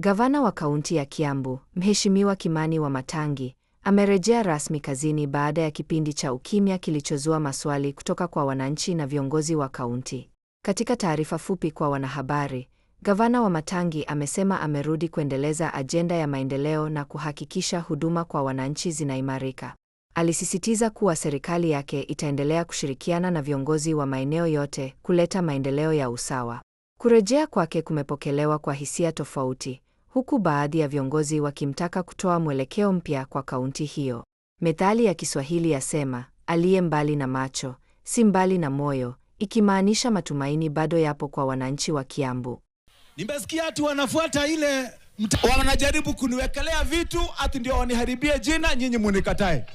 Gavana wa kaunti ya Kiambu, Mheshimiwa Kimani wa matangi amerejea rasmi kazini baada ya kipindi cha ukimya kilichozua maswali kutoka kwa wananchi na viongozi wa kaunti. Katika taarifa fupi kwa wanahabari, Gavana wa matangi amesema amerudi kuendeleza ajenda ya maendeleo na kuhakikisha huduma kwa wananchi zinaimarika. Alisisitiza kuwa serikali yake itaendelea kushirikiana na viongozi wa maeneo yote kuleta maendeleo ya usawa. Kurejea kwake kumepokelewa kwa hisia tofauti, huku baadhi ya viongozi wakimtaka kutoa mwelekeo mpya kwa kaunti hiyo. Methali ya Kiswahili yasema, aliye mbali na macho si mbali na moyo, ikimaanisha matumaini bado yapo kwa wananchi wa Kiambu. Nimesikia hatu wanafuata ile wanajaribu kuniwekelea vitu ati ndio waniharibie jina, nyinyi munikatae.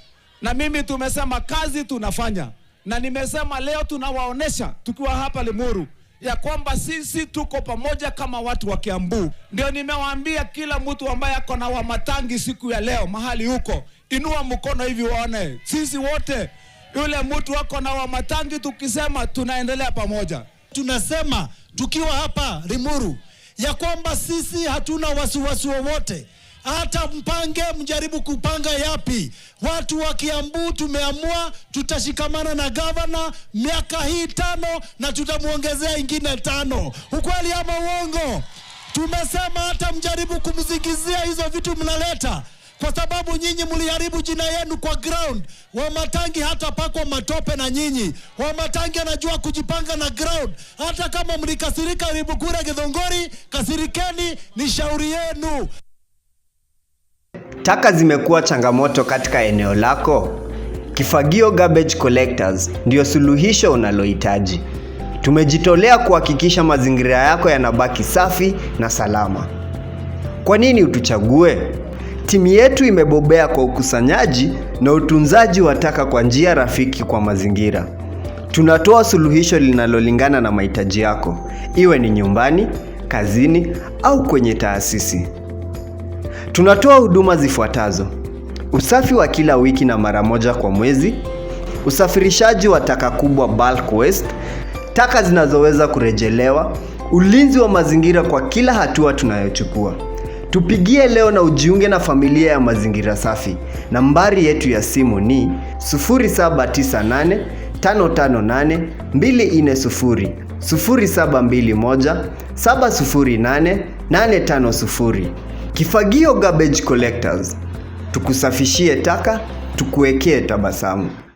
Na mimi tumesema kazi tunafanya, na nimesema leo tunawaonyesha tukiwa hapa Limuru ya kwamba sisi tuko pamoja kama watu wa Kiambu. Ndio nimewaambia kila mtu ambaye ako na wamatangi siku ya leo mahali huko, inua mkono hivi waone sisi wote, yule mtu ako na wamatangi, tukisema tunaendelea pamoja. Tunasema tukiwa hapa Limuru ya kwamba sisi hatuna wasiwasi wowote hata mpange, mjaribu kupanga yapi. Watu wa Kiambu tumeamua tutashikamana na gavana miaka hii tano na tutamwongezea ingine tano. Ukweli ama uongo? Tumesema hata mjaribu kumzingizia hizo vitu mnaleta kwa sababu nyinyi mliharibu jina yenu kwa ground. Wamatangi hata pakwa matope na nyinyi. Wamatangi anajua kujipanga na ground. Hata kama mlikasirika Ribukura Githongori, kasirikeni, ni shauri yenu. Taka zimekuwa changamoto katika eneo lako? Kifagio Garbage Collectors ndio suluhisho unalohitaji. Tumejitolea kuhakikisha mazingira yako yanabaki safi na salama. Kwa nini utuchague? Timu yetu imebobea kwa ukusanyaji na utunzaji wa taka kwa njia rafiki kwa mazingira. Tunatoa suluhisho linalolingana na mahitaji yako, iwe ni nyumbani, kazini au kwenye taasisi. Tunatoa huduma zifuatazo: usafi wa kila wiki na mara moja kwa mwezi, usafirishaji wa taka kubwa bulk waste, taka zinazoweza kurejelewa, ulinzi wa mazingira kwa kila hatua tunayochukua. Tupigie leo na ujiunge na familia ya mazingira safi. Nambari yetu ya simu ni 0798 558 Kifagio Garbage Collectors, tukusafishie taka, tukuwekee tabasamu.